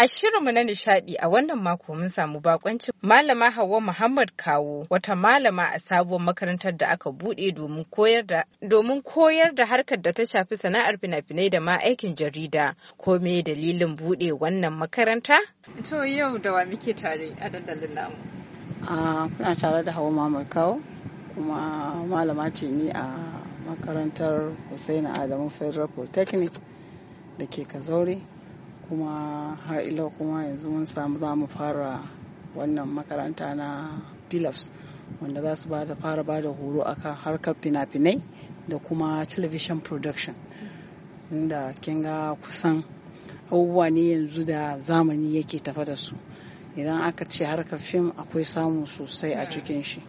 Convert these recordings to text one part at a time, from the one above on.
A shirinmu na nishadi a wannan mako mun samu bakoncin malama Hauwa Muhammad Kawo wata malama a sabuwar makarantar da aka bude domin koyar da domin koyar da harkar da ta shafi sana'ar fina-finai da ma aikin jarida. Ko me dalilin bude wannan makaranta? To yau da wa muke tare a dandalin namu. Kuna tare da Hauwa Muhammad Kawo kuma malama ce ni a makarantar Hussaini Adamu Federal Polytechnic da ke Kazauri. kuma har ila kuma yanzu mun samu za mu fara wannan makaranta na pilafs wanda za su fara ba da horo akan harkar fina-finai da kuma television production inda kin ga kusan abubuwa ne yanzu da zamani yake tafa da su idan aka ce harkar fim akwai samu sosai a cikin shi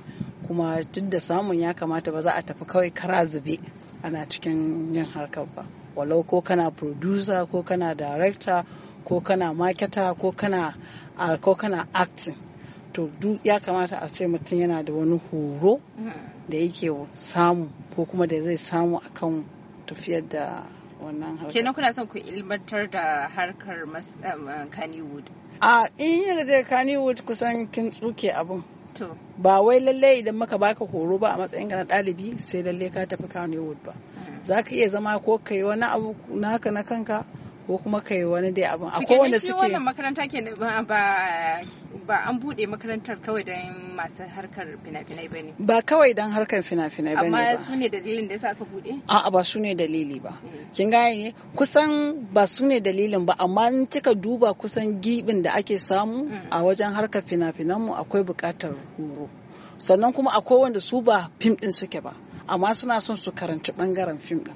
kuma duk da samun ya kamata ba za a tafi kawai kara zube ana cikin yin harkar ba walau ko kana producer ko kana director ko kana marketer ko kana uh, ko kana acting to duk ya kamata a ce mutum yana da wani horo da yake samu ko kuma da zai samu akan tafiyar da wannan harkar kenan kuna son ku ilmantar da harkar um, kannywood a in yi da kannywood kusan kin tsuke abin ba wai lallai idan maka baka horo ba a matsayin ka na ɗalibi sai lallai ka tafi Kannywood ba mm. za ka iya zama ko ka yi wani abu naka na kanka ko kuma ka yi wani dai abin akwai wanda suke wannan makaranta ke ba ba an bude makarantar kawai don masu harkar fina-finai ba ne ba kawai don harkar fina-finai ba ne ba amma su ne dalilin da ya ka bude a'a ba su ne dalili ba mm. kin gane kusan ba su ne dalilin ba amma in kika duba kusan gibin da ake samu mm. a wajen harkar fina-finan mu akwai bukatar horo sannan kuma akwai wanda su ba fim din suke ba amma suna son su karanci bangaren fim din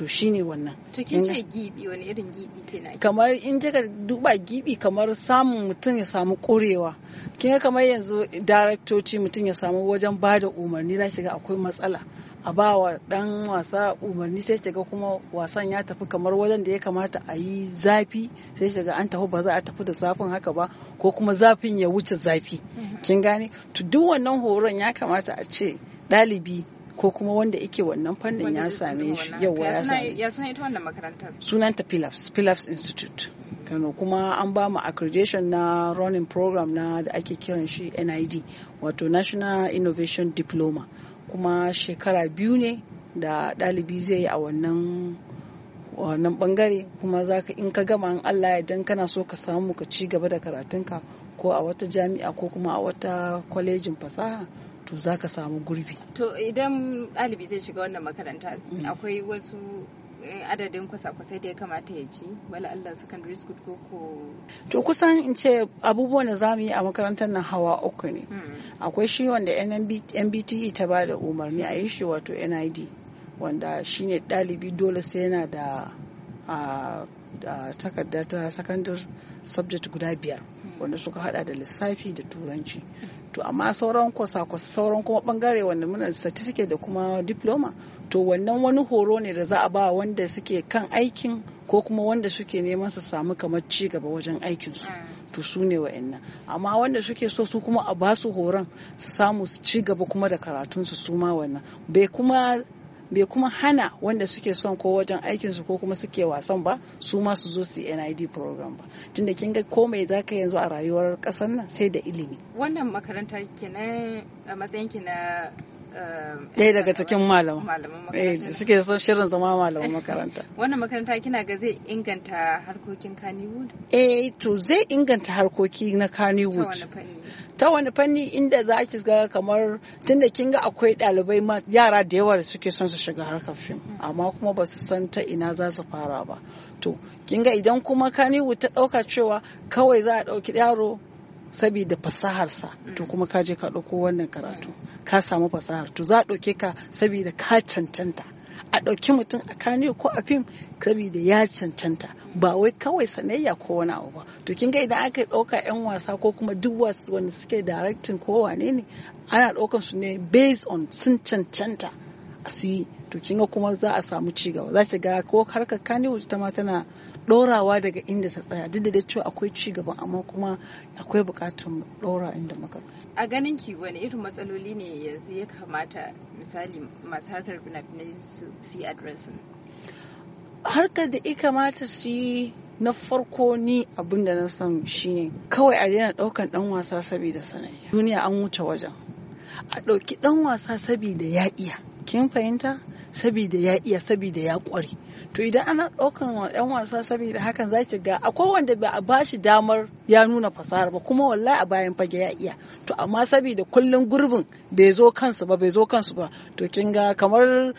to shine wannan to kin ce gibi wani irin gibi kenan kamar in kika duba gibi kamar samun mutum ya samu korewa kin kamar yanzu daraktoci mutum ya samu wajen bada umarni za ki akwai matsala a ba wa dan wasa umarni sai shiga kuma wasan ya tafi kamar wajen da ya kamata a yi zafi sai shiga an tafi ba za a tafi da zafin haka ba ko kuma zafin ya wuce zafi mm-hmm. kin gane to duk wannan horon ya kamata a ce ɗalibi ko kuma wanda yake wannan fannin ya same shi yawa ya same ya suna ita wannan makarantar sunanta philips philips Institute Kano kuma an ba mu accreditation na running program na da ake kiran shi NID wato National Innovation Diploma kuma shekara biyu ne da ɗalibi zai yi a wannan wannan bangare kuma zaka in ka gama in Allah ya dan kana so ka samu ka ci gaba da karatunka ko a wata jami'a ko kuma a wata kwalejin fasaha to za ka samu gurbi to idan ɗalibi zai shiga wannan makaranta akwai wasu eh, adadin kwasa-kwasai da ya kamata ya ci wala Allah secondary school ko ko to kusan in ce abubuwan da za mu yi a makarantar nan hawa uku ne hmm. akwai shi wanda NBTE ta ba da umarni a yi shi wato NID wanda shi ne ɗalibi dole sai yana da ah, takardar ta secondary subject guda biyar wanda suka hada da lissafi da turanci to amma sauran kwasa-kwasa sauran kuma bangare wanda muna certificate da kuma diploma to wannan wani horo ne da za a ba wanda suke kan aikin ko kuma wanda suke neman su samu kamar ci gaba wajen aikinsu mm. to su ne wa'annan amma wanda suke so su kuma a basu horon su samu ci gaba kuma da karatunsu su ma wannan bai kuma bai kuma hana wanda suke son ko wajen aikin su ko kuma suke wasan ba su ma su zo su NID program ba tunda kin ga komai mai zaka yanzu a rayuwar kasar nan sai da ilimi wannan makaranta kenan a matsayin ki na ɗaya daga cikin malaman eh, makaranta suke son shirin zama malaman makaranta wannan makaranta kina ga zai inganta harkokin Kannywood eh to zai inganta harkoki na Kannywood ta wani fanni inda za ki ga kamar tunda kin ga akwai ɗalibai ma yara da yawa da suke son su shiga harkar fim mm. amma kuma ba su san ta ina za su fara ba to kin ga idan kuma Kannywood ta ɗauka cewa kawai za a ɗauki yaro sabida fasaharsa to mm. kuma ka je ka ɗauko wannan karatu mm. ka samu fasahar to za a ɗauke ka saboda ka cancanta a ɗauki mutum a kane ko a fim saboda ya cancanta ba wai kawai sanayya ko wani abu ba to kin ga idan aka ɗauka 'yan wasa ko kuma duk wasu wanda suke directing ko wane ne ana ɗaukan su ne based on sun cancanta su yi to kin ga kuma za a samu ci gaba za ki ga ko harkar wuce ta ma tana dorawa daga inda ta tsaya duk da cewa akwai ci gaba amma kuma akwai bukatun dora inda muka a ganin ki wani irin matsaloli ne yanzu ya kamata misali masu harkar bina bina su yi addressing harkar da ya kamata su yi na farko ni abin da na san shine kawai a daina daukan dan wasa saboda sanayya duniya an wuce wajen a ɗauki dan wasa sabida ya iya kin fahimta saboda ya iya saboda ya kware to idan ana ɗaukan yan wasa saboda hakan zaki ga akwai wanda ba a bashi damar ya nuna fasahar ba kuma wallahi a bayan fage ya iya to amma saboda kullun gurbin bai zo kansu ba bai zo kansu ba to kin ga kamar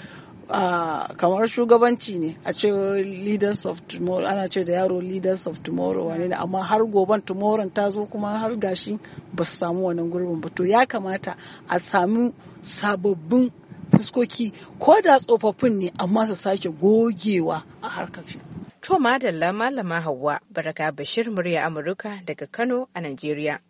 kamar shugabanci ne a ce leaders of tomorrow ana ce da yaro leaders of tomorrow wane ne amma har goban tomorrow ta zo kuma har gashi ba su samu wannan gurbin ba to ya kamata a samu sababbin fuskoki ko da tsofaffin ne amma su sake gogewa a harkar fim. da madalla malama Hauwa Baraka Bashir murya Amurka daga Kano a Najeriya.